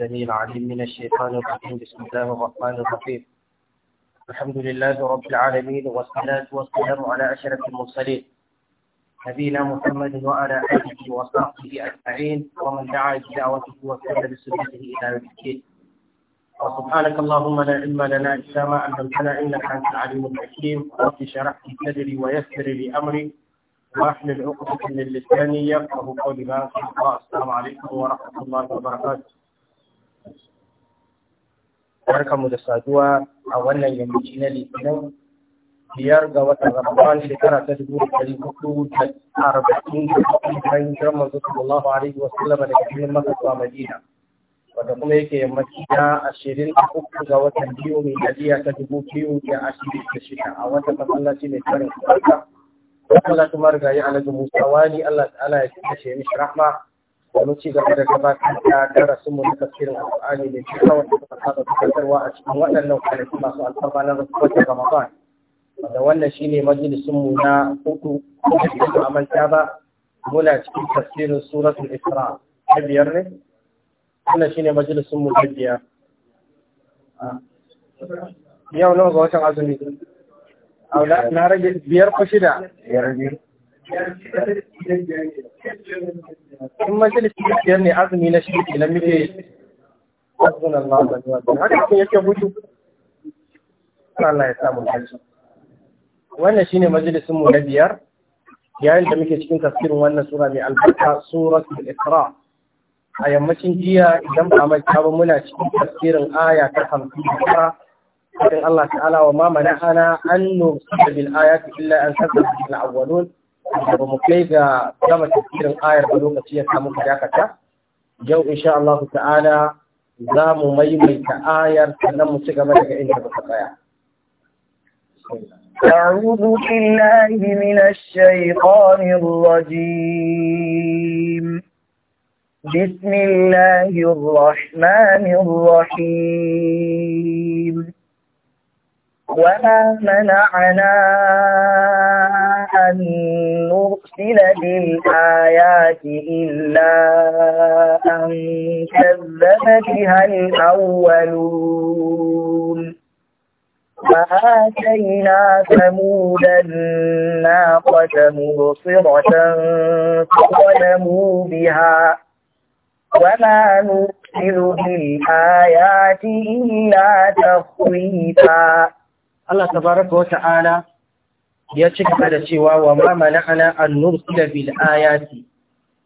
السميع العليم من الشيطان الرجيم بسم الله الرحمن الرحيم الحمد لله رب العالمين والصلاة والسلام على أشرف المرسلين نبينا محمد وعلى آله وصحبه أجمعين ومن دعا بدعوته وسلم بسنته إلى يوم الدين وسبحانك اللهم لا علم لنا إلا ما علمتنا إنك أنت العليم الحكيم رب اشرح لي صدري ويسر لي أمري واحلل عقدة من لساني يفقه قولي ما السلام عليكم ورحمة الله وبركاته barkamu da saduwa a wannan yammaci na litinin biyar ga watan ramadan shekara ta dubu da dari hudu da arba'in da hudu bayan jiran manzo sallallahu alaihi wa sallama daga cikin maka zuwa madina wata kuma yake yammaci na ashirin da uku ga watan biyu mai daliya ta dubu biyu da ashirin da shida a wata masallaci mai tsarin kuka wata kuma rigayi ya Musa wani Allah ta'ala ya kashe mishi rahma domin ci gaba da gabatar da darasin mu na tafsirin Al-Qur'ani ne cikin wanda suka saba fitarwa a cikin waɗannan kwanaki masu alfarma na Da wannan shine majalisin mu na hudu da ba manta ba muna cikin tafsirin suratul Isra ta biyar ne. Wannan shine majalisin mu ta biyar. Yau nawa ga watan azumi. Na rage biyar ko shida. in majalisi na biyar ne azumi na shi ke nan muke azumin Allah da zuwa haka kun yake hutu Allah ya samu dace wannan shine majalisin mu na biyar yayin da muke cikin tafsirin wannan sura mai albarka suratul iqra a yammacin jiya idan ba mai ba muna cikin tafsirin aya ta 59 Fadin Allah ta'ala wa ma mana ana an nursila bil ayati illa an kazzaba bil awwalun ba mu kai ga gama tafsirin ayar ba lokaci ya samu ka dakata yau insha Allah ta'ala za mu maimaita ayar sannan mu ci gaba daga inda muka tsaya أعوذ بالله من الشيطان الرجيم بسم الله الرحمن الرحيم وما منعنا أن نرسل بالآيات إلا أن كذب بها الأولون فآتينا ثمود الناقة مبصرة فظلموا بها وما نرسل بالآيات إلا تخويفا الله تبارك وتعالى ya ci gaba da cewa wa ma mana'ana an nursila bil ayati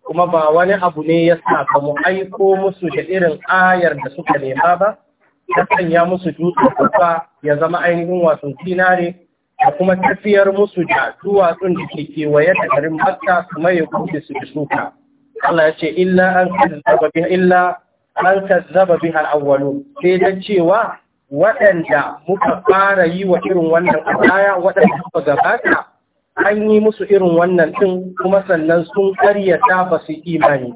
kuma ba wani abu ne ya saka mu aiko musu da irin ayar da suka nema ba ta sanya musu dutsen kufa ya zama ainihin wasan sinare? da kuma tafiyar musu da duwatsun da ke kewaye da garin makka kuma ya kuke su bi suka Allah ya ce illa an kazzaba biha illa an kazzaba biha sai ta cewa waɗanda muka fara yi wa irin wannan a baya waɗanda suka gabata an yi musu irin wannan ɗin kuma sannan sun karyata ba su imani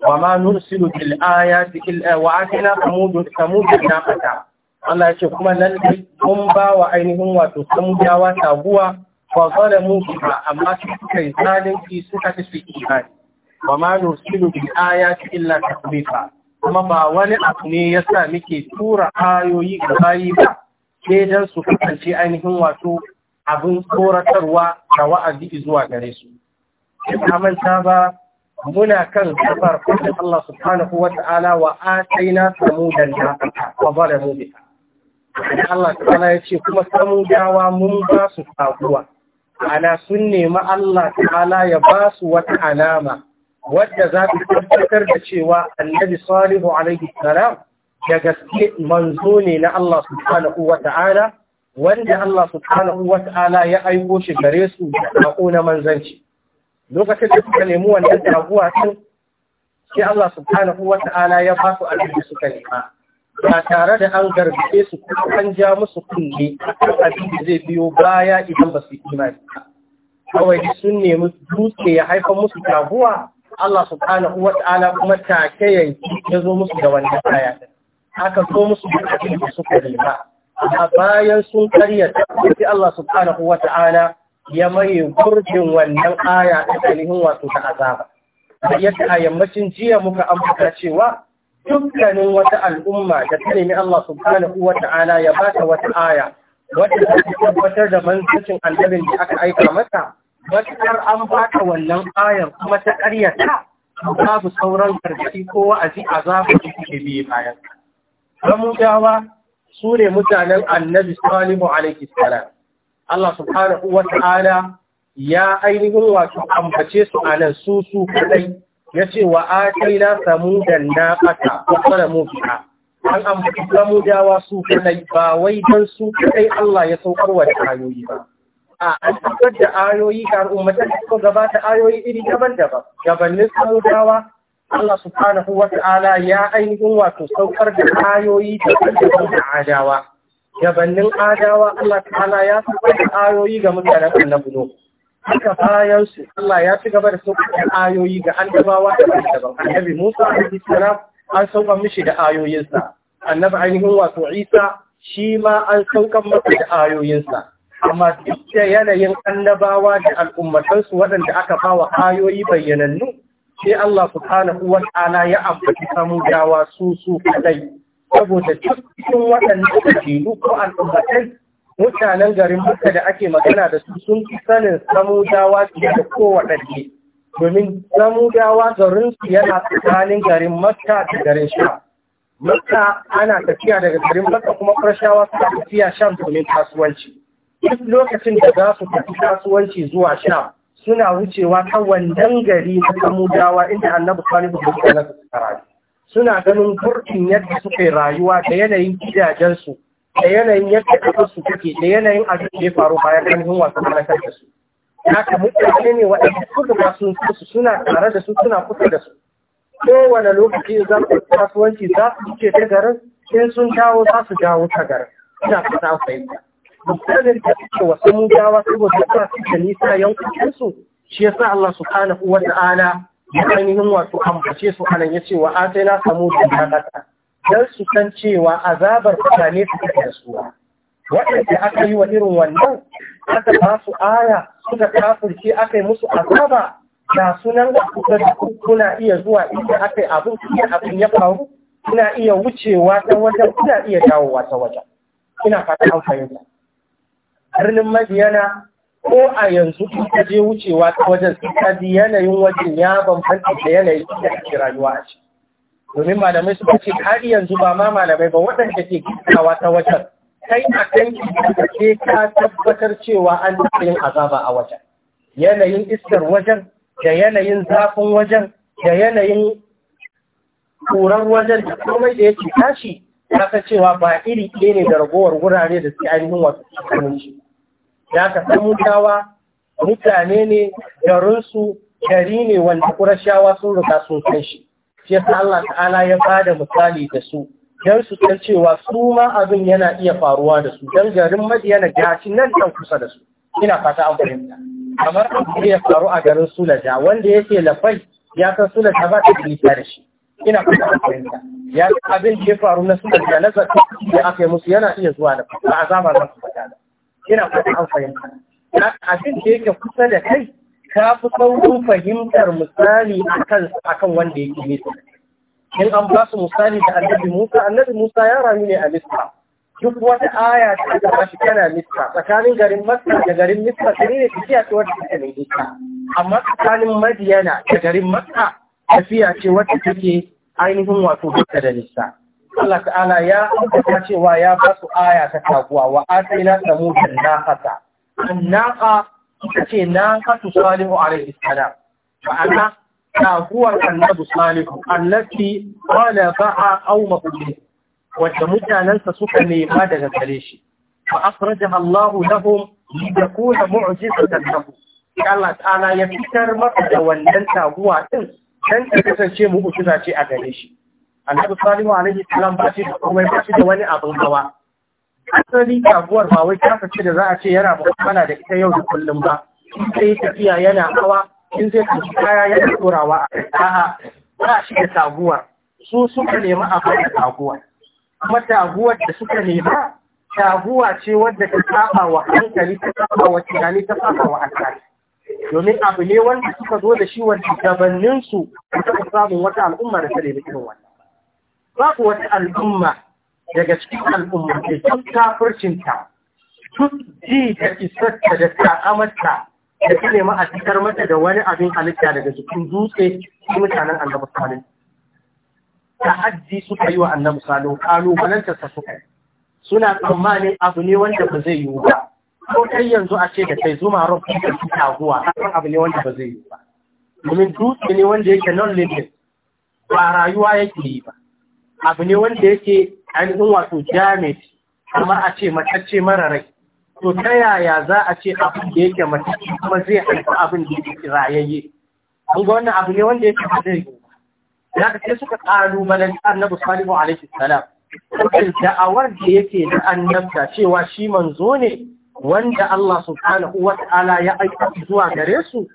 ba wa ma nursilu bil ayati illa wa atina samudun samudun naqata Allah ya ce kuma nan lalle mun ba wa ainihin wato samudawa taguwa fa zalamu ba amma su suka yi zalunci suka tafi imani wa ma nursilu bil ayati illa takbifa kuma ba wani abu ne ya sa muke tura ayoyi ga bayi ba sai don su kasance ainihin wato abin tsoratarwa da wa'azi zuwa gare su. Ina manta ba muna kan kafar kudin Allah subhanahu wa ta'ala wa 'A'a-tsai-na-samu da wa zalamu biha. Allah ta'ala ya ce kuma dawa mun ba su Ana sun nemi Allah ta'ala ya ba su wata alama wadda za ta tabbatar da cewa annabi salihu alaihi salam da gaske manzo ne na Allah subhanahu wa ta'ala wanda Allah subhanahu wa ta'ala ya aiko shi gare su da sako na manzanci lokacin da suka nemi wannan taguwa sun sai Allah subhanahu wa ta'ala ya ba su abin suka nema ba tare da an gargaɗe su ko an ja musu kunne abin da zai biyo baya idan ba su imani ba kawai sun nemi dutse ya haifa musu taguwa Allah subhanahu wa ta'ala kuma take yanki ya zo musu da wannan aya aka zo musu da abin da suka riba A bayan sun karya sai Allah subhanahu wa ta'ala ya maye gurbin wannan aya a ainihin wato ta azaba yadda a yammacin jiya muka ambata cewa dukkanin wata al'umma da ta nemi Allah subhanahu wa ta'ala ya bata wata aya wadda ta tabbatar da manzancin annabin da aka aika mata matuƙar an baka wannan ayar kuma ta ƙaryata babu sauran gargaɗi ko wa'azi a zafi da suke biye bayan ramudawa su ne mutanen annabi salimu alaihi salam Allah subhanahu wa ta'ala ya ainihin wato ambace su a nan su su kadai ya ce wa ataina samudan na ƙasa ko salamu biha an ambaci samudawa su kaɗai ba wai don su kaɗai Allah ya saukar wa da hanyoyi ba a an fitar da ayoyi ga al'ummatan da suka gabata ayoyi iri daban-daban gabanin samudawa Allah subhanahu wa ta'ala ya ainihin wato saukar da ayoyi da daban da adawa gabanin adawa Allah ta'ala ya saukar da ayoyi ga mutanen annabi Nuhu haka bayan su Allah ya ci gaba da saukar da ayoyi ga annabawa daban-daban annabi Musa alaihi salam an saukar mishi da ayoyinsa annabi ainihin wato Isa shi ma an saukar masa da ayoyinsa amma duk da yanayin annabawa da al'ummatansu waɗanda aka bawa ayoyi bayyanannu sai Allah subhanahu wa ta'ala ya ambaci samudawa su su kadai saboda cikin waɗannan kabilu ko al'ummatai mutanen garin Makka da ake magana da su sun fi sanin samudawa fiye da kowaɗanne domin samudawa garin su yana tsakanin garin Makka da garin Sha. Makka ana tafiya daga garin Makka kuma Farshawa suna tafiya Sham domin kasuwanci. duk lokacin da za su tafi kasuwanci zuwa sha suna wucewa ta wandan gari na samudawa inda annabi salihu da suka nasu suka suna ganin burkin yadda suka rayuwa da yanayin gidajensu da yanayin yadda su take da yanayin abin da ya faru bayan ainihin wasan manakar da su haka mutane ne waɗanda suka ba sun su suna tare da su suna kusa da su kowane lokaci za su kasuwanci za su ce ta garin in sun dawo za su dawo ta garin suna kasa fahimta misalin da suke wasu mugawa saboda ba su nisa yankunan shi yasa Allah subhanahu wa ta'ala ya ainihin wato ambace su anan yace wa atayna samudan halaka Don su san cewa azabar mutane su da su waɗanda aka yi wa irin wannan aka ba su aya suka kafirce aka yi musu azaba da sunan da kuna iya zuwa inda aka yi abin kuma abin ya faru kuna iya wucewa ta wajen kuna iya dawowa ta wajen ina fata an fahimta harnin madiyana ko a yanzu in ka je wucewa ta wajen su yanayin wajen ya bambanta da yanayin da ake rayuwa a ciki domin malamai suka ce har yanzu ba ma malamai ba waɗanda ke gidawa ta wajen kai a kan ke ka tabbatar cewa an taɓa yin azaba a wajen yanayin iskar wajen da yanayin zafin wajen da yanayin ƙurar wajen da komai da yake tashi ta cewa ba iri ɗaya ne da ragowar wurare da suke ainihin wasu cikin ya ka mutawa? mutane ne garinsu gari ne wanda kurashawa sun rika sun san shi shi yasa Allah ta'ala ya ba da misali da su don su san cewa su ma abin yana iya faruwa da su don garin madiyana gashi nan kan kusa da su ina fata an fahimta kamar abu ya faru a garin sulaja wanda yake lafai ya san sulaja ba ta bilita da shi ina fata an fahimta ya abin da ya faru na sulaja na zaka da aka yi musu yana iya zuwa da ba a zama za su fata da ina fata an fahimta abin da yake kusa da kai ka fi saurin fahimtar misali a kan wanda yake nesa in an ba su misali da annabi musa annabi musa ya rayu ne a misra duk wata aya ta da ba shi tana misra tsakanin garin masra da garin misra sai ne tafiya ce wadda take mai nisa amma tsakanin madiyana da garin masra tafiya ce wadda take ainihin wato duka da nisa Allah ta'ala ya ambata cewa ya ba su aya ta taguwa wa atayna na haka annaqa ita ce na naqatu salihu alaihi salam ma'ana taguwar annabi salihu allati qala ba'a aw maqbul wanda mutanansa suka nema daga gare shi fa akhrajaha Allah lahum litakuna mu'jizatan lahum Allah ta'ala ya fitar maka da wannan taguwa din dan ta kasance mu'jiza ce a gare shi annabi Salimu alaihi salam ba shi da komai ba shi da wani abin hawa asali taguwar ba wai ta ce da za a ce yana mu'amala da ita yau da kullum ba in sai tafiya yana hawa in zai tafi kaya yana turawa a a'a ba shi da taguwar su suka nemi a da taguwar kuma taguwar da suka nema taguwa ce wadda ta saba wa hankali ta saba wa tunani ta saba wa hankali domin abu ne wanda suka zo da shi wanda gabaninsu da suka samun wata al'umma da ta nemi irin wannan babu wata al'umma daga cikin al'umma da tun kafircinta tun ji da isarta da ta'amarta da ta nema a cikar mata da wani abin halitta daga cikin dutse su mutanen annabi ta ta'addi suka yi wa kalu salihu sa suka yi suna tsammanin abu ne wanda ba zai yiwu ba ko kai yanzu a ce da kai zuma rufi da su taguwa hakan abu ne wanda ba zai yiwu ba domin dutse ne wanda yake non living ba rayuwa yake yi ba abu ne wanda yake ainihin wato damage kamar a ce matacce mara rai to ta yaya za a ce abin da yake matacce kuma zai haifi abin da yake rayayye an ga wannan abu ne wanda yake ba zai ya ka ce suka kalubalen annabi salihu alaihi salam kuma da'awar da yake da annabta cewa shi manzo ne wanda Allah subhanahu wa ta'ala ya aika zuwa gare su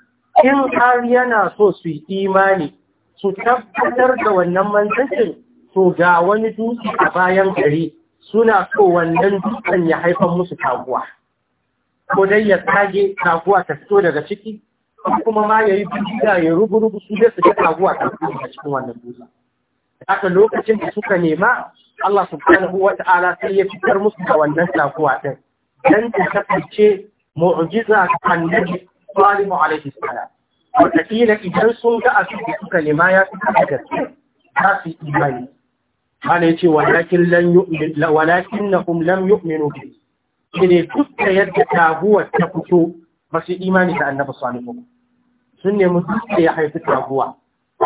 in har yana so su yi imani su tabbatar da wannan manzancin to ga wani dutse a bayan gari suna so wannan dutsen ya haifar musu taguwa ko dai ya tage taguwa ta fito daga ciki kuma ma ya yi ya rubu-rubu su da su ga taguwa ta fito daga cikin wannan dutsen haka lokacin da suka nema Allah subhanahu wa ta'ala sai ya fitar musu da wannan taguwa din dan ta kasance mu'jiza kan nabi sallallahu alaihi salam wataƙila idan sun ga abin suka nema ya fi gaske za su yi imani Hana yace walakin lan yu'min walakinnahum lam yu'minu bi. ne duk yadda taguwar ta fito ba su imani da Annabi sallallahu sun nemi dutse ya haifi taguwa.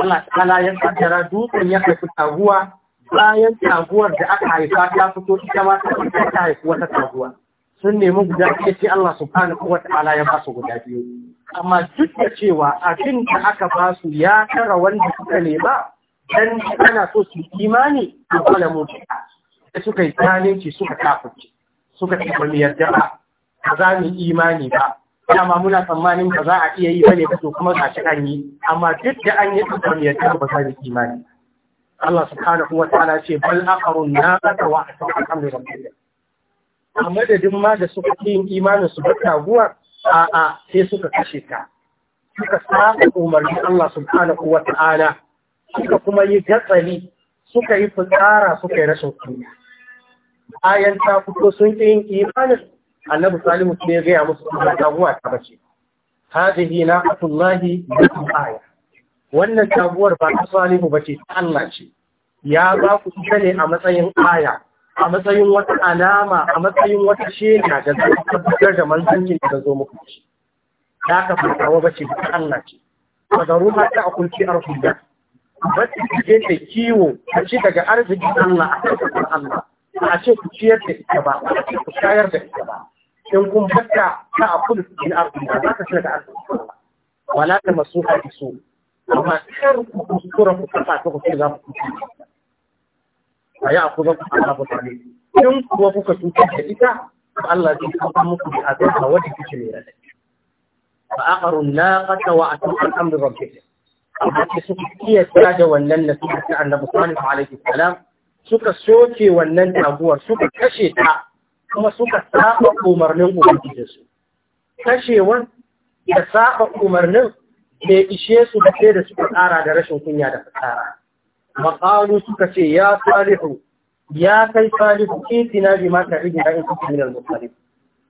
Allah ta'ala ya kaddara dutsen ya haifi taguwa bayan taguwar da aka haifa ta fito ita ma ta haifi wata taguwa. sun nemi guda ɗaya sai Allah subhanahu Ta'ala ya basu guda biyu amma duk da cewa abin da aka basu ya tara wanda suka ba. dan ana so su imani a kwana mutu da suka yi tsananci suka kafuce suka ce ba mu yarda ba ba za mu imani ba dama muna tsammanin ba za a iya yi bane ba to kuma shi an yi amma duk da an yi tsammanin mu yarda ba za mu imani Allah subhanahu wa ta'ala ce bal aqarun na ta wa da rabbika a madadin ma da suka yin imanin su bata guwa a'a sai suka kashe ta suka sa umarni Allah subhanahu wa ta'ala suka kuma yi gatsari suka yi fitsara suka yi rashin kunya bayan ta fito sun ƙi yin imanin annabi Salimu ne ya gaya musu kuma taguwa ta bace hadihi na atullahi da aya wannan taguwar ba ta Salimu ba ce ta Allah ce ya ba ku ita ne a matsayin aya a matsayin wata alama a matsayin wata shaida da za ku tabbatar da manzancin da zo muku ci ta ka fatawa bace ta Allah ce fa daruha ta akulki arhuda bacci kuje da kiwo a ce daga arzikin Allah a kan Allah a ce ku ciyar da ita ba a ce ku shayar da ita ba in kun fata ta a kudu arziki ba za ka ci daga arziki ba. wala ta masu haɗi so amma kar ku kuskura ku kafa ta ku ce za ku kuskura a yi a akuzan ku Allah ku tare in kuwa kuka cutar da ita Ba Allah zai kafa muku da azaba wadda kike ne da ba a na ƙasa wa a al amurin rabbika amma suka kiyasta da wannan nasiha ta annabi sallallahu alaihi wasallam suka soke wannan taguwar suka kashe ta kuma suka saba umarnin ubangijinsu kashewan da saba umarnin bai ishe su da sai da suka tsara da rashin kunya da fasara maqalu suka ce ya salihu ya kai salihu kitina bi ma ta'idin da in min al-muttalib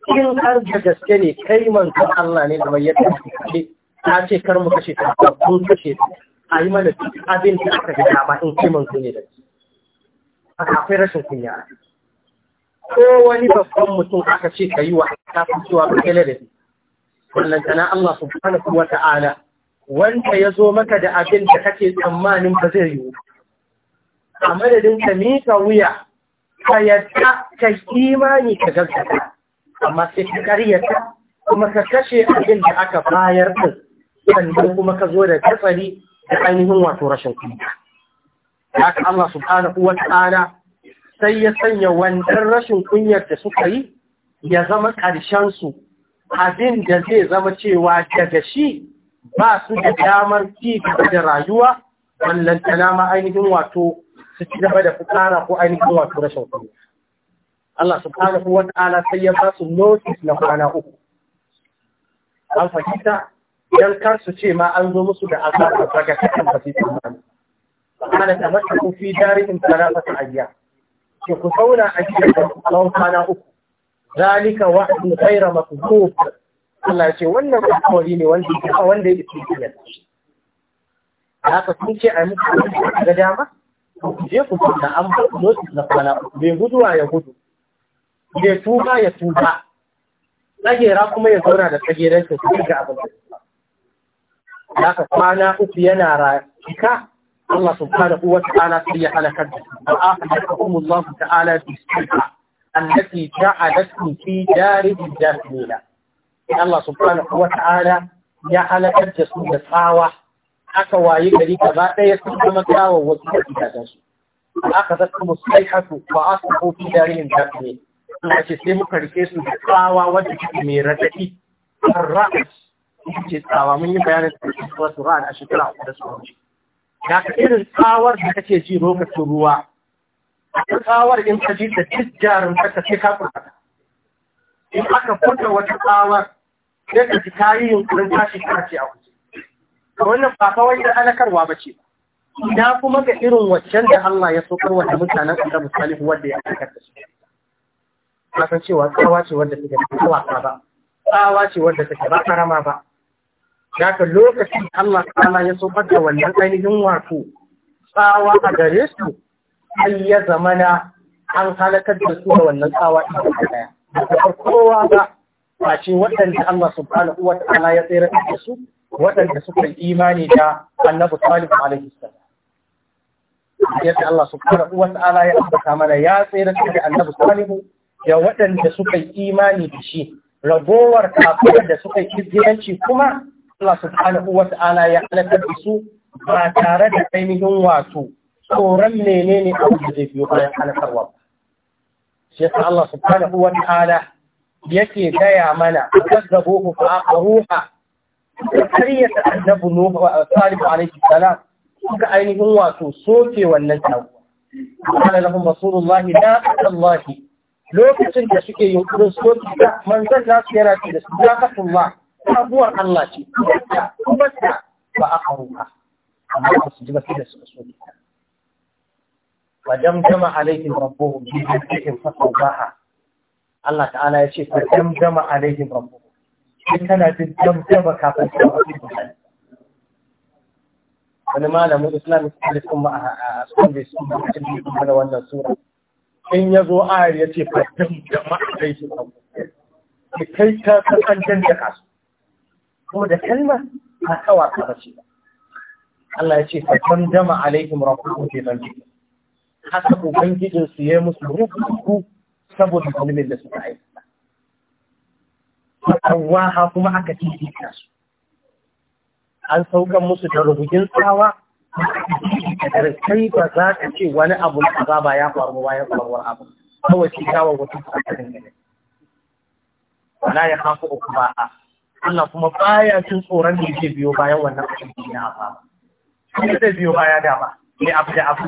in har da gaske ne kai manzon Allah ne kamar yadda kake ta ce kar mu kashe ta kun kashe ta a yi mana duk abin da aka ga dama in kai mun kunya da shi akwai rashin kunya ko wani babban mutum aka ce ka yi wa ta cewa ba kai shi wannan tana Allah subhanahu wa ta'ala wanda ya zo maka da abin da kake tsammanin ba zai yiwu a madadin ka mika wuya ka yadda ka imani ka gaggata amma sai ka karyata kuma ka kashe abin da aka bayar ka. sannan kuma ka zo da katsari da ainihin wato rashin kunya haka Allah subhanahu wa ta'ala sai ya sanya wancan rashin kunyar da suka yi ya zama ƙarshen abin da zai zama cewa daga shi ba su da damar ci gaba da rayuwa wannan ma ainihin wato su ci gaba da fukara ko ainihin wato rashin kunya Allah subhanahu wa ta'ala sai ya ba su notice na kwana uku an fahimta Idan kansu ce ma an zo musu da azaba daga kakan ba su tsammani ana da mata ku fi darihin talafata ajiya ke ku sauna a gidan tsawon kwana uku zalika wa'adun khaira makdub Allah ya ce wannan alƙawari ne wanda ya wanda ya tsiya haka sun ce a muku ga dama je ku fita an ba notice na kwana uku bai guduwa ya gudu bai tuba ya tuba tsagera kuma ya zauna da tsageren ta ga abin da Da aka kwana uku yana rafika Allah subhanahu wa ta'ala sai ya halakar da su al'akhiru Allah ta'ala bi sirra allati ja'alatkum fi dari jahannama Allah subhanahu wa ta'ala ya halakar da su da tsawa aka wayi gari gaba ɗaya sun zama tsawon wasu da gidajen su aka zaka musai hasu ba a su kofi darihin zafi ne ce sai muka rike su da tsawa wadda take mai radadi ra'as ce tsawa mun yi bayanin tsawar su ra'ar a shekara a da suka wuce da ka irin tsawar da kake ji lokacin ruwa a tsawar in ka ji da cikin jarin ka sai ka kurkata in aka furta wata tsawar sai ka ji kayi yunkurin tashi kana ce a wuce wannan ba fa wani alakarwa ba ce na kuma ga irin waccan da Allah ya sokar wa mutanen da misali wanda ya aikata da su na san cewa tsawa ce wanda take da tsawa ba tsawa ce wanda take ba karama ba Naka lokacin Allah ta'ala ya saukar da wannan ainihin wato tsawa a gare su sai ya zamana an halakar da su da wannan tsawa ɗin ɗaya. Da kowa ba ce waɗanda Allah subhanahu wa ta'ala ya tsere da su waɗanda suka yi imani da annabu Annabi Salihu alaihi salam yadda Allah subhanahu wa ta'ala ya ambata mana ya tsere da annabu Salihu da waɗanda suka yi imani da shi ragowar kafirai da suka yi izgilanci kuma Allah subhanahu wa ta'ala ya halakar da su ba tare da ainihin wato tsoron menene abu da zai biyo bayan halakarwa shi yasa Allah subhanahu wa ta'ala yake gaya mana kazzabu fa ruha karyata annabi Nuhu wa Salihu alaihi salam suka ainihin wato soke wannan tawo قال لهم رسول الله لا الله da suke yunkurin soke manzon nasu yana ce da su ya Allah sabuwar Allah ce kuma ta ba a ba, amma ba su ji ba da suka so ita wa damdama da rabbuhum bi ba ha, Allah ta'ala ya ce fa damdama alaihim rabbuhum sai tana jin damdama kafin ka fara wani malamin islamic studies kuma a sunday sun ba cikin kuma da wannan sura in ya zo ayar ya ce fadin jama'a kai shi kan kai ta san an kasu Kuma da kalma ba ta bace ba ce Allah ya ce fa dama alaikum rabbukum bi dhanbikum haka ubangijin su ya musu rubutu saboda zalimin da suka aikata Allah kuma aka tinkita su an saukan musu da rubugin tsawa da kai ba za ka ce wani abu na ba ya faru bayan faruwar abu kawai ci kawai wata tsakanin gane wala ya kafa uku a. Allah kuma baya cin tsoron da yake biyo bayan wannan abin na afa kuma zai biyo baya dama mai abu da abu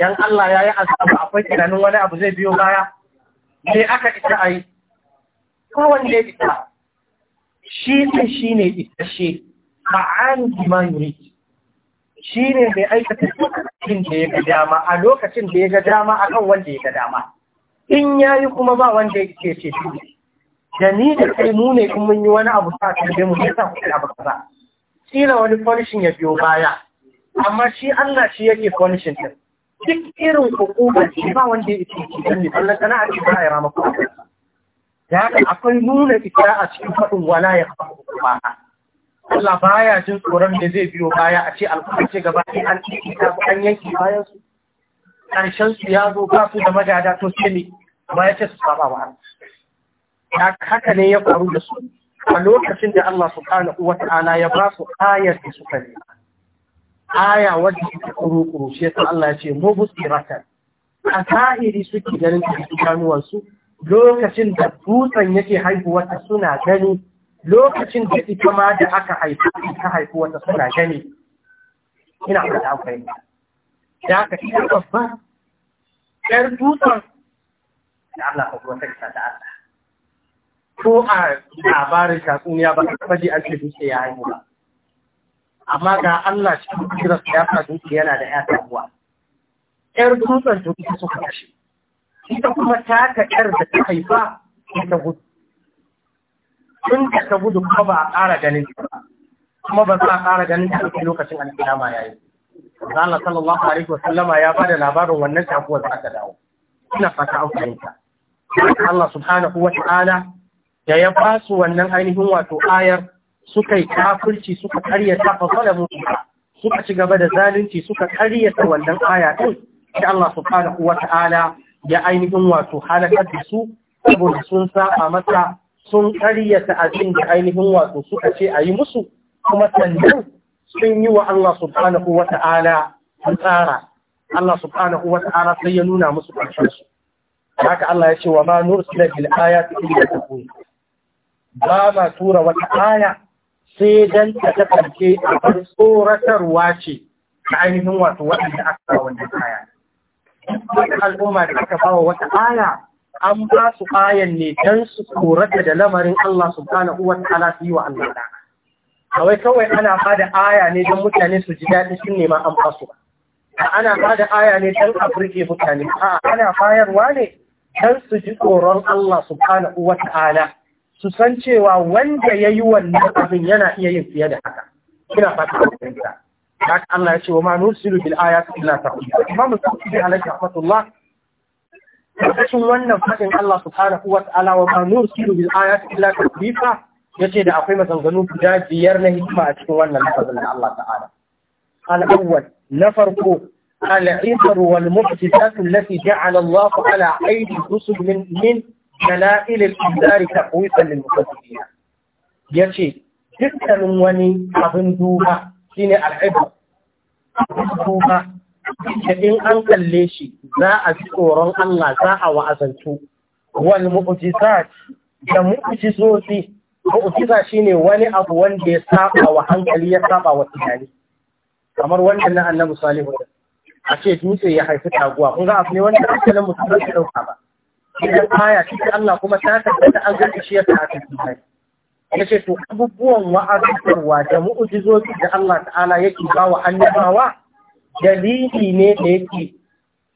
Yan Allah ya yi azabu akwai tunanin wani abu zai biyo baya me aka isa a yi kowanne ya isa shi ne shi ne isashe ma'an kima yuri shi ne mai aikata lokacin da ya ga dama a lokacin da ya ga dama akan wanda ya ga dama in yayi kuma ba wanda ya ce ce shi da ni da kai mu ne kuma mun yi wani abu sa tambaye mu yasa kuke abu kaza kila wani punishing ya biyo baya amma shi Allah shi yake punishing din duk irin hukuma shi ba wanda ya ce shi dan ne Allah kana a cikin ayara maka da haka akwai nuna ikra a cikin fadin wala ya ba Allah baya jin tsoron da zai biyo baya a ce alƙur'ani ce gaba ɗaya an ci ta an yanke bayan su ƙarshen su ya zo ba su da magada to sai ne ba ya ce su saba wa Allah haka ne ya faru da su a lokacin da Allah subhanahu kuwa ta'ala ya ba su ayar da suka ne aya wadda suka kuru kuru shi yasa Allah ya ce mubsiratan a tahiri suke ganin da su lokacin da dutsen yake ta suna gani lokacin da ita ma da aka haifu ta haihuwarta suna gani ina da akwai da aka ita babba ƴar dutsen da Allah ka kuma ta da Allah ko a labarin tatsuniya ba a ji an ce duke ya haihu ba amma ga Allah cikin kudurar ya sa dutse yana da ya sabuwa ƴar dutsen dutse suka kashe ita kuma ta ka ƴar da ta haifa ta gudu tun da ta gudu kuma ba a ƙara ganin ta kuma ba za a ƙara ganin ta a lokacin alƙiyama yayi Allah sallallahu alaihi wa sallama ya bada labarin wannan takuwar a aka dawo ina fata an fahimta Allah subhanahu wa ta'ala da ya wannan ainihin wato ayar suka yi kafirci suka karyata fa zalamu suka ci gaba da zalunci suka karyata wannan aya din Ya Allah subhanahu wata'ala ya ainihin wato halakar da su saboda sun saba masa sun karyata abin da ainihin wato suka ce a yi musu kuma sannan sun yi wa Allah subhanahu wata'ala tsara Allah subhanahu wata'ala sai ya nuna musu ƙarshen su haka Allah ya ce wa ma nursila bil ayati illa takwir ba ma tura wata aya sai dan ta kasance a tsoratarwa ce ta ainihin wato waɗanda aka ba wannan aya. Wata al'umma da aka bawa wata aya an ba su ayan ne don su tsorata da lamarin Allah subhanahu wa ta'ala su yi wa Allah da. Kawai kawai ana ba da aya ne don mutane su ji daɗi sun nema an ba su ba. Ana ba da aya ne don a burge mutane, a'a ana bayarwa ne don su ji tsoron Allah subhanahu wa ta'ala. su san cewa wanda ya yi wannan abin yana iya yin fiye da haka ina fata da gida. fahimta ka Allah ya ce wa ma nur nursilu bil ayati illa taqwa imam Muhammad alaihi rahmatullah cikin wannan fadin Allah subhanahu wa ta'ala wa ma nursilu bil ayati illa taqwa yace da akwai maganganu guda biyar na hikima a cikin wannan lafazin da Allah ta'ala al-awwal na farko al-ibar wal muhtadatu allati ja'ala Allah ala aidi rusul min min dala'il al-inzar taqwisan lil-mukallifin yace dukkanin wani abin duba shine al-ibra duba idan an kalle shi za ji tsoron Allah za a wa'azantu wal mu'jizat da mu'jizoti mu'jiza shine wani abu wanda ya saba wa hankali ya saba wa tunani kamar wanda na annabi salihu a ce dutse ya haifi taguwa kun ga abu ne wanda kallon mutum ɗauka ba idan kaya, cikin Allah kuma ta tabbata an zarta shi yasa aka kifai, ya ce to abubuwan wa'azantarwa da mu'ujizoji da Allah ta'ala yake ba wa annabawa dalili ne da yake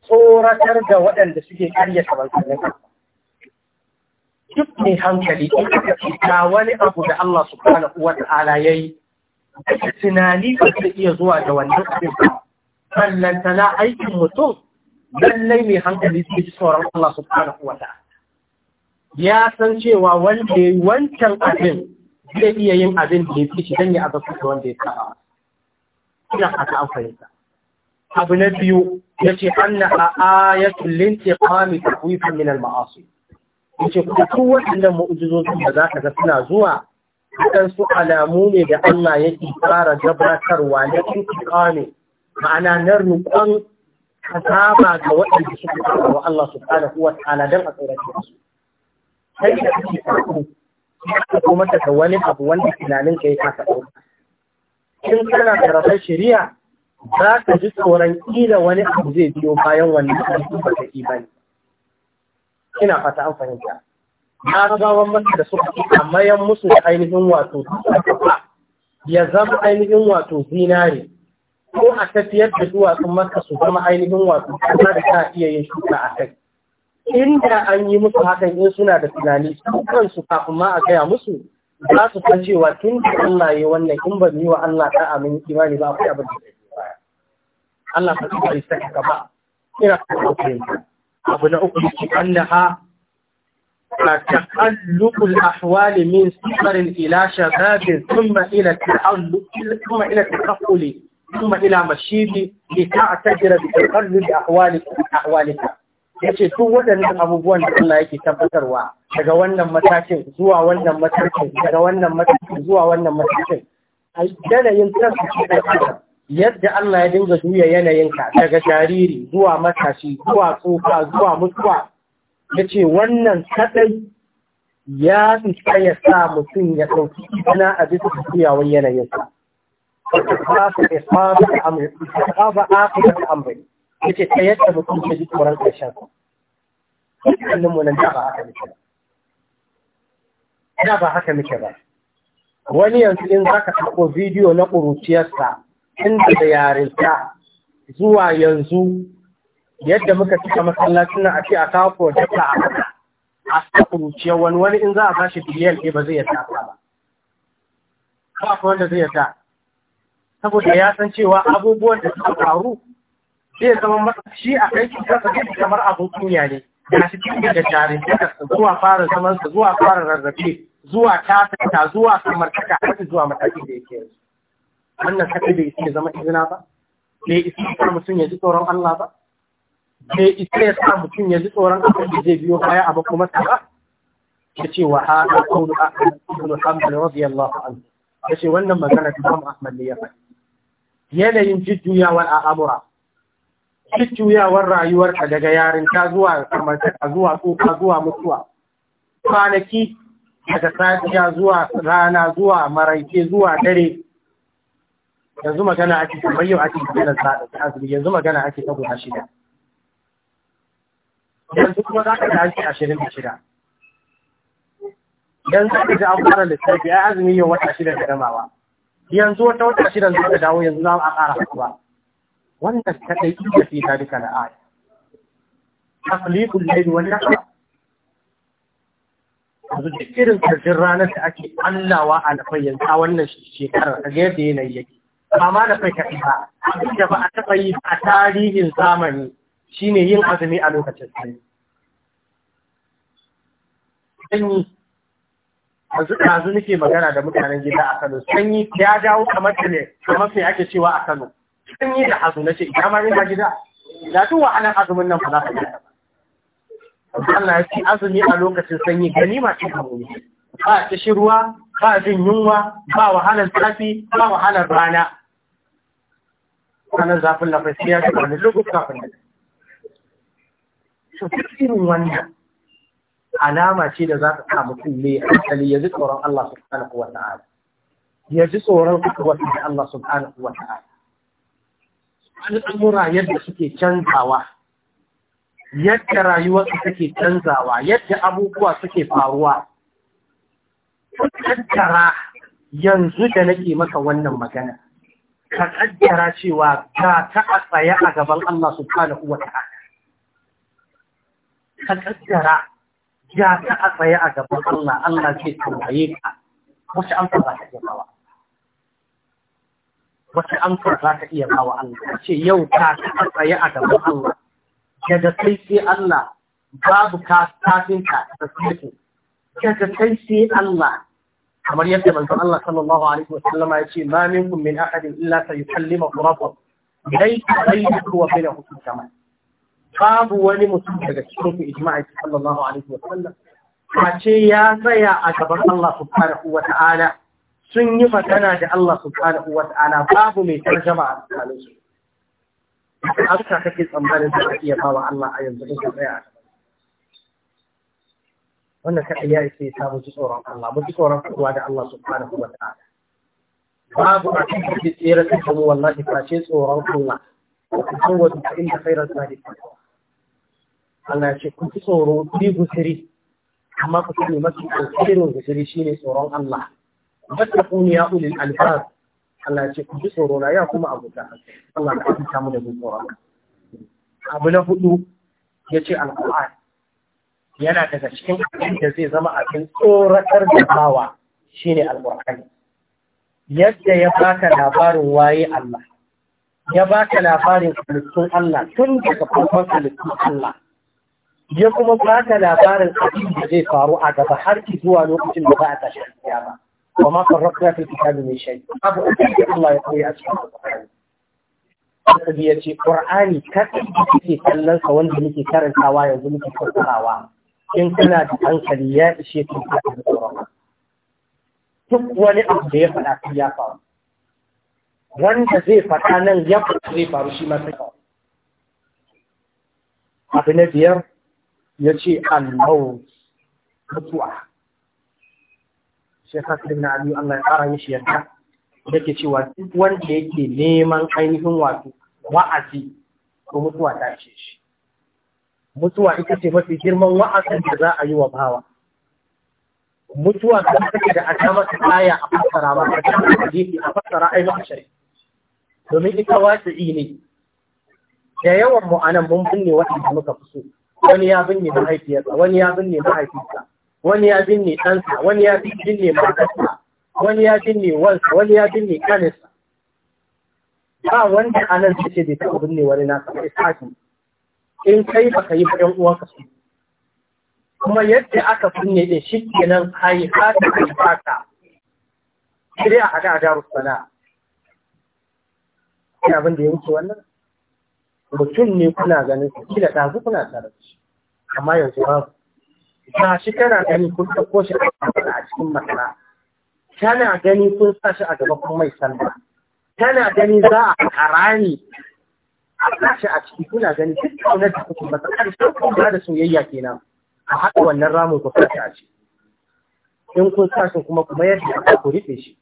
tsoratar da waɗanda suke karyata manzannin duk ne hankali in aka ce ga wani abu da Allah subhanahu wa ta'ala yayi tunani ba zai iya zuwa da wannan abin ba sannan aikin mutum lallai mai hankali sai ji tsoron Allah subhanahu wa ta'ala ya san cewa wanda yayi wancan abin zai iya yin abin da ya fi shi dan ya azabta wanda ya saba ina aka amfani ta abu na biyu yace anna ayatul lintiqami takhwifan min al-ma'asi yace ku ku wannan mu'jizozin da zaka ga suna zuwa dan su alamu ne da Allah yake fara gabatarwa na intiqami ma'ana na rukun azaba ga waɗanda suka tsara wa Allah subhanahu wa ta'ala dan a tsorace su sai da kake ya ka kuma ta wani abu wanda tunanin ka ya kasa ɗauka in kana da rasar shari'a za ka ji tsoron ƙila wani abu zai biyo bayan wani abu ba ba ne. Ina fata an fahimta. da suka ci amma musu da ainihin wato ya zama ainihin wato zinare ko a tafiyar da duwatsun maka su zama ainihin wasu kuma da ta iya yin shuka a kai inda an yi musu hakan in suna da tunani su kansu kafin ma a gaya musu za su san cewa tun da Allah ya wannan in ba yi wa Allah ta amin imani ba akwai abin da zai yi Allah ta ci bai saka gaba ina kuma fahimta abu na uku shi annaha تقلق الأحوال من سفر إلى شباب ثم إلى التعلق ثم إلى التقفل ثم إلى مشيبي لتعتذر da بأحوالك Ya yace duk waɗannan abubuwan da Allah yake tabbatarwa daga wannan matakin zuwa wannan matakin daga wannan matakin zuwa wannan matakin a yanayin kansu yadda Allah ya dinga juya yanayinka daga jariri zuwa matashi zuwa tsufa zuwa mutuwa yace wannan kadai ya isa ya sa mutum ya ɗauki na a bisa tafiyawar yanayinsa وتخاف إصابة أمر وتخاف عاقبة أمره yace ta yadda mutum ke ji tsoron ƙarshen kullum ba haka da ba haka muke ba wani yanzu in ka ɗauko bidiyo na ƙuruciyarsa inda da yarinta zuwa yanzu yadda muka cika masallacin nan a ce a kawo a a sa ƙuruciyar wani wani in za a bashi biliyan ɗaya ba zai yarda ba ba wanda zai yarda saboda ya san cewa abubuwan da suka faru zai zama masa shi a kai kasa gidi kamar abin kunya ne da shi cikin da tare zuwa fara zaman su zuwa fara rarrafe zuwa tasirta zuwa ta har zuwa matakin da yake yanzu wannan kafin bai yake zama izina ba bai isi ya sa mutum ya ji tsoron Allah ba bai isi ya sa mutum ya ji tsoron abin da zai biyo baya a bako masa ba ya ce wa hada kaunu ahmad ibn hanbal radiyallahu anhu ya ce wannan magana ta Ahmad ne ya faɗi yanayin jujjuyawar al'amura jujjuyawar rayuwarka daga yarinta zuwa kamantaka zuwa tsoka zuwa mutuwa kwanaki daga safiya zuwa rana zuwa maraice zuwa dare yanzu magana ake kamar yau ake magana ta azumi yanzu magana ake ta guda shida yanzu kuma za ka ake ashirin da shida yanzu za ka ji an fara lissafi ai azumi yau wata shida da gamawa yanzu wata wata shirin zuwa da dawo yanzu za a ƙara haɗuwa wannan kaɗai iya da fita duka da aya taflikul laili wani haka. yanzu duk irin karshen ranar da ake ƙallawa a na yanzu ta wannan shekarar a ga yadda yanayi yake ba ma fai kaɗai ba abin da ba a taɓa yi a tarihin zamani shine yin azumi a lokacin sanyi yanzu nake magana da mutanen gida a Kano sanyi ya dawo kamar da ne kamar sai ake cewa a Kano sanyi da hazo nace ina ma ina gida da tun wa'anan azumin nan ba za ka gida ba Allah ya ce azumi a lokacin sanyi ma ce ka mu ba ta shi ruwa ba jin yunwa ba wahalar tafi ba wahalar rana ranar zafin lafafi ya ta wani lokacin kafin da irin wannan alama ce da za ka sa mutum ne hankali ya ji tsoron Allah subhanahu wa ta'ala ya ji tsoron hukumar da Allah subhanahu wa ta'ala al'amura yadda suke canzawa yadda rayuwarsu take canzawa yadda abubuwa suke faruwa ka kaddara yanzu da nake maka wannan magana ka kaddara cewa ta tsaya tsaye a gaban Allah subhanahu wa ta'ala ka kaddara ya ka a tsaye a gaban Allah Allah zai tambaye ka wacce amsar za ka iya bawa wacce amsar za ka iya bawa Allah ce yau ka ka a tsaye a gaban Allah daga kai sai Allah babu ka kafin ka da suke daga kai sai Allah kamar yadda manzon Allah sallallahu alaihi wa sallama ya ce ma minkum min ahadin illa sayukallimu rabbuh ilayka bainahu wa bainahu kamar. babu wani mutum daga cikin ku ijma'i sallallahu alaihi wa sallam face ya tsaya a gaban Allah subhanahu wa ta'ala sun yi magana da Allah subhanahu wa ta'ala babu mai tarjama a tsakanin su abta kake tsammanin da kake yaba wa Allah a yanzu in ka tsaya wannan kada ya ce ta mu ji tsoron Allah mu ji tsoron kuwa da Allah subhanahu wa ta'ala babu a cikin tsere ta mu wallahi face tsoron Allah ku san wa inda khairar zalika Allah ce ku ci tsoro ku yi gusiri amma ku sani mafi alkhairin gusiri shine tsoron Allah kun ya ulil alfaz Allah ce ku ci tsoro na ya kuma abuta Allah ka abuta mu da tsoron abu na hudu yace alquran yana daga cikin abin da zai zama abin tsoratar da bawa shine alqur'ani yadda ya baka labarin waye Allah ya baka labarin halittun Allah tun daga farkon halittun Allah ya kuma baka labarin abin da zai faru a gaba har zuwa lokacin da ba a tashi ba wa ma ya fi fita da nishai abu da Allah ya koya a cikin Qur'ani sai ya ce Qur'ani kaɗai da ke kallon sa wanda muke karantawa yanzu muke fassarawa in kana da hankali ya ishe ka da Qur'ani duk wani abu da ya faɗa su ya faru wanda zai faɗa nan ya zai faru shi ma sai abu na biyar ya ce al shi ka shekar na ali Allah ya ƙara mishi yadda yake cewa duk wanda yake neman ainihin wato wa'azi ko mutuwa ta ce shi mutuwa ita ce mafi girman wa'azin da za a yi wa bawa mutuwa da take da aka masa aya a fassara ba a kan gefe a fassara ainihin shari'a domin ita wasu ne da yawan mu mun binne waɗanda muka fi so wani ya binne mahaifiyarsa wani ya binne mahaifinsa wani ya binne ɗansa wani ya binne matarsa wani ya binne wansa wani ya binne kaninsa ba wanda a nan ce bai taɓa binne wani nasa mai isaki in kai baka yi ba uwanka su kuma yadda aka binne din shi kenan kayi kata kai kata sai a haɗa a darussana abin da ya wuce wannan mutum ne kuna ganin su kila ɗazu kuna tare da shi amma yanzu babu ta shi kana gani kun ɗauko shi a cikin masana tana gani kun sa shi a gaba kun mai sanda tana gani za a karani a sa shi a ciki kuna gani duk kaunar da kuke masa ƙarshen kuma da soyayya kenan a haɗa wannan ramin ku sa shi a ciki in kun sa shi kuma kuma yadda ku rufe shi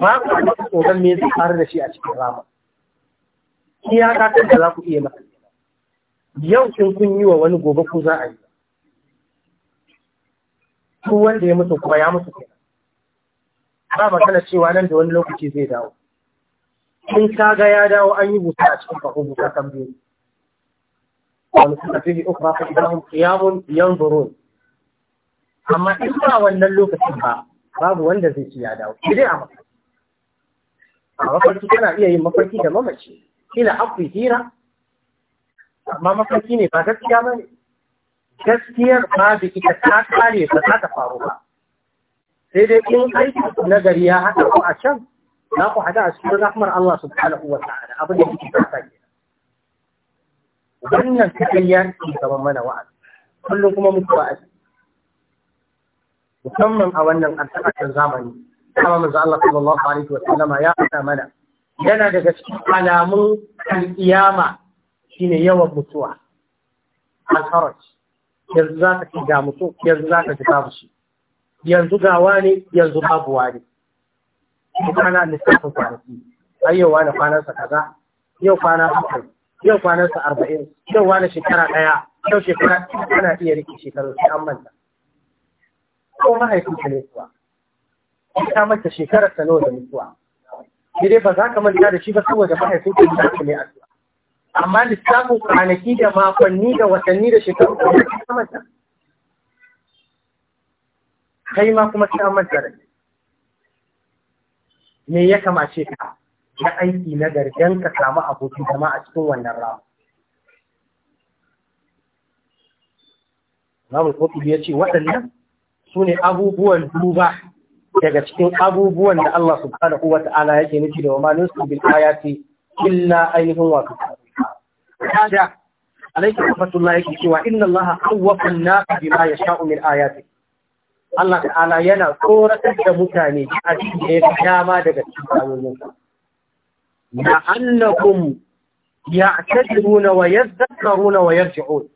ba ku da tsoron me zai faru da shi a cikin ramin iya kakan da za ku iya masa yau kin kun yi wa wani gobe ku za a yi ku wanda ya mutu kuma ya mutu kenan ba magana cewa nan da wani lokaci zai dawo in ka ga ya dawo an yi buta a cikin kahu buta kan biyu wani suka fi uku ba ka idan kiyamun yan burun amma in ba wannan lokacin ba babu wanda zai ci ya dawo shi dai a mafarki a mafarki kana iya yin mafarki da mamaci kila haƙƙi hira amma mafarki ne ba gaskiya ba ne gaskiyar ba da ita ta kare ba za ta faru ba sai dai in aiki na gari ya haɗa ku a can za ku haɗa a cikin rahmar Allah subhanahu wa ta'ala abin da kike fata ke wannan kaɗai ya ke gaban mana wa'azi kullum kuma muku wa'azi musamman a wannan ƙarshen zamani kama manzo Allah sallallahu alaihi wa sallama ya faɗa mana yana daga cikin alamun al'iyama ne yawan mutuwa al-haraj yanzu za ka ga mutum yanzu za ka ji babu shi yanzu gawa ne yanzu babu wani kana lissafin kwanaki ayyawa yau wani kwanarsa kaza yau kwana bakwai yau kwanarsa arba'in yau wani shekara ɗaya yau shekara ana iya rike shekaru su an manta ko mahaifinka ne kuwa ita mata shekarar ta nawa da mutuwa shi dai ba za ka manta da shi ba saboda mahaifin ka da ka mai addu'a amma lissafin kwanaki da makonni da watanni da shekaru da ka manta kai ma kuma ka manta da me ya kamace ka na aiki na gargan ka samu abokin zama a cikin wannan rawa Imam Al-Qurtubi ya ce waɗannan su ne abubuwan duba daga cikin abubuwan da Allah subhanahu wa ta'ala yake nufi da wama nusu bil ayati illa ainihin wa kafa alayhi rahmatullahi yake cewa inna Allah awwaqa an-nasa bima yasha'u min ayati Allah ta'ala yana tsoratar da mutane a cikin dama daga cikin ayoyinsa la'annakum ya'tadiruna wa yadhakkaruna wa yarji'un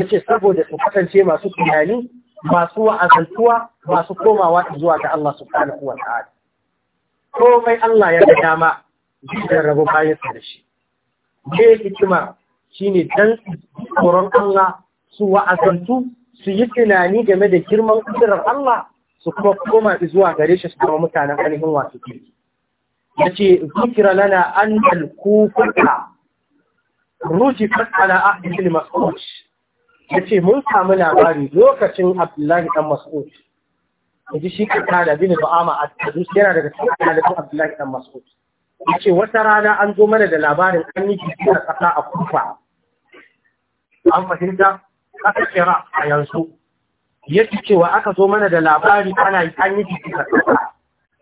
yace saboda su kasance masu tunani masu wa'azantuwa masu komawa zuwa ta Allah kuwa ta’ad. Ko komai Allah ya ga dama zai rabu bayan da shi ke hikima shine dan tsoron Allah su wa'azantu su yi tunani game da girman kudurar Allah su kuma koma zuwa gare shi su kuma mutanen ainihin wasu kirki ya ce zikira lana an dalkufuka ruji a cikin ya ce mun samu labari lokacin abdullahi dan mas'ud ya ji shi ka da bin ba'ama a tadus yana daga cikin ɗalibin abdullahi dan mas'ud ya ce wata rana an zo mana da labarin an yi jiki a ƙasa a kufa an fahimta aka kira a yanzu ya ce cewa aka zo mana da labari ana an yi jiki a ƙasa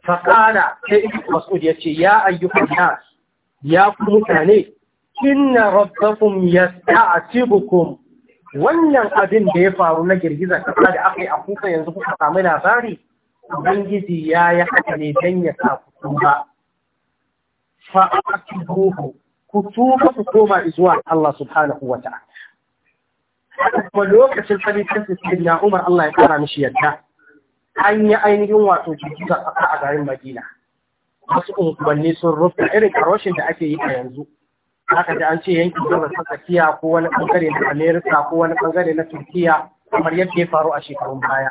faƙala sai ibn mas'ud ya ce ya ayyukan nas ya ku mutane inna rabbakum yasta'tibukum wannan abin da ya faru na girgizar kasa da aka yi a kusa yanzu kuka samu labari ubangiji ya yi haka ne don ya sa ku tuba fa atubu ku tuba ku koma zuwa Allah subhanahu wa ta'ala kuma lokacin halittar siskin na umar Allah ya kara mishi yadda an yi ainihin wato girgizar kasa a garin madina wasu unguwanni sun rufe irin karoshin da ake yi a yanzu Haka da an ce yanki gabas ta tsakiya ko wani bangare na amerika ko wani bangare na turkiya kamar yadda ya faru a shekarun baya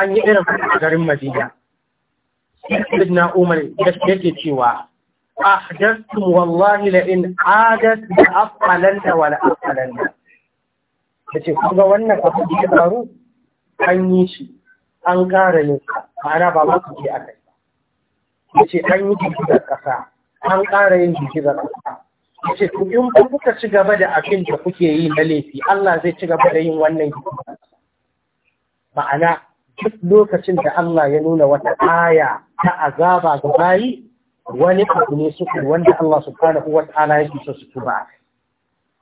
an yi irin a garin madina na umar yake cewa أحدثتم والله لئن عادت لأفعلن ولا أفعلن yace kun ga wannan abu da ya faru an yi shi an ƙara yin ana ba ma ku je a yace an yi da ƙasa an ƙara yin jiki ga ce ku in ba kuka ci gaba da abin da kuke yi na laifi Allah zai ci gaba da yin wannan jiki ma'ana duk lokacin da Allah ya nuna wata aya ta azaba ga bayi wani abu ne suku wanda Allah subhanahu wa ta'ala yake so su tuba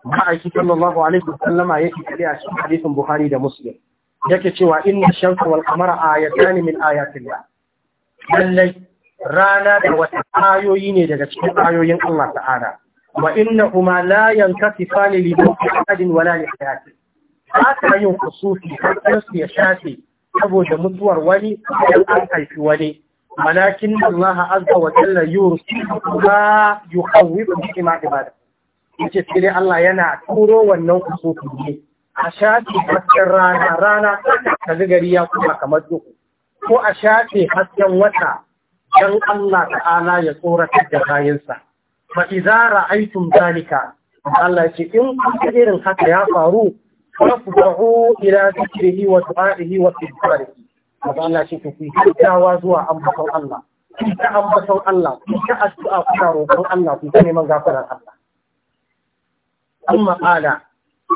ma'aiki sallallahu alaihi wa sallama yake kare a cikin hadisin Bukhari da Muslim yake cewa inna shamsa wal qamara ayatan min ayatillah lallai rana da wata ayoyi ne daga cikin ayoyin Allah ta'ala wa innahuma la yankasifani li ba'din wala li hayati haka yin kusufi sai su ya shafe saboda mutuwar wani idan an haifi wani malakin Allah azza wa jalla yursilu ma yukhawwifu bi ma ibada yace sai Allah yana turo wannan kusufi ne a shafe hasken rana rana ta gari ya kuma kamar duhu ko a shafe hasken wata don Allah ta'ala ya tsoratar da kayansa, fa idza ra'aytum zalika Allah ce in kun irin haka ya faru fafdahu ila yi wa du'a'ihi wa istighfarihi Allah ce ku yi hutawa zuwa ambaton Allah ta ambaton Allah ta addu'a ku ta roƙon Allah ku ta neman gafarar Allah amma ala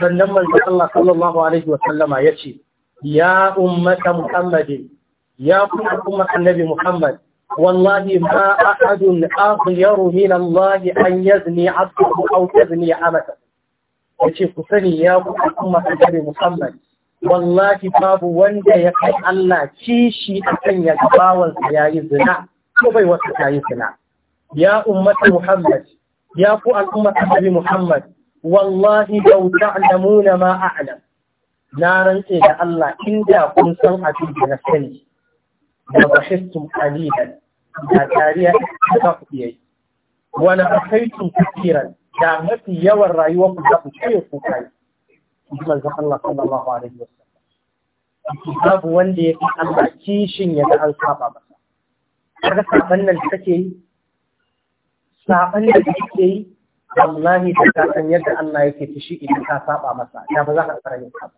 sannan manzon Allah sallallahu alaihi wa sallama ce ya ummata muhammadin ya kuma kuma annabi muhammad والله ما أحد أغير من الله أن يزني عبده أو تزني عبده yace ku sani ya ku kuma annabi Muhammad wallahi babu wanda ya kai Allah kishi akan ya bawan yayi zina ko bai wata tayi zina ya ummata Muhammad ya ku al'umma annabi Muhammad wallahi law ta'lamuna ma a'lam na rantse da Allah inda kun san abin da na sani da bahistum qalilan da tariya ta ku yi wa la akaitum kathiran da mafi yawan rayuwar ku za ku ce ku kai manzon Allah sallallahu alaihi wasallam babu wanda ya fi Allah kishin ya ga an saba masa Ta saban nan da san yadda Allah yake fushi idan ka saba masa da ba za ka tsara yin saba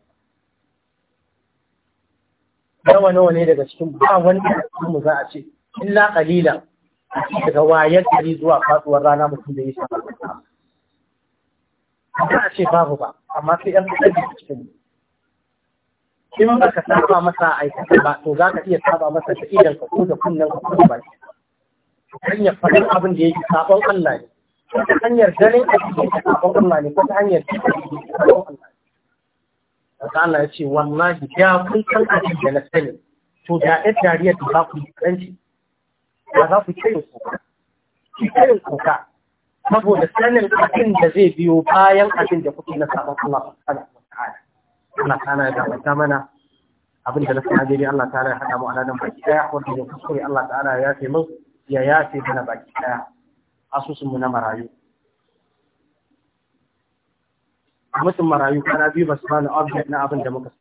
nawa nawa ne daga cikin ba wanda mu za a ce illa qalila daga wayar gari zuwa faduwar rana mutum da yi ba a ce babu ba amma sai yan kasar da cikin in ba ka saba masa aikata ba to za ka iya saba masa da idan ka ko da kunnen ka ko da baki hanyar faɗin abin da yake sabon Allah ne ta hanyar ganin da yake sabon Allah ne ko ta hanyar cikin sabon Allah Allah ya ce wallahi ya kun san abin da na sani to da ɗan dariya da ba ku yi kanci ba za ku kirin kuka ki kirin kuka saboda sanin abin da zai biyo bayan abin da kuke na sabon Allah subhanahu wa ta'ala Allah ta'ala ya gabata mana abin da na sani dai Allah ta'ala ya hada mu alalan baki daya wanda ya kuskure Allah ta'ala ya yafe mu ya yafe mana baki daya asusun mu na marayu mutum marayu kana biyu ba su bani object na abin da muka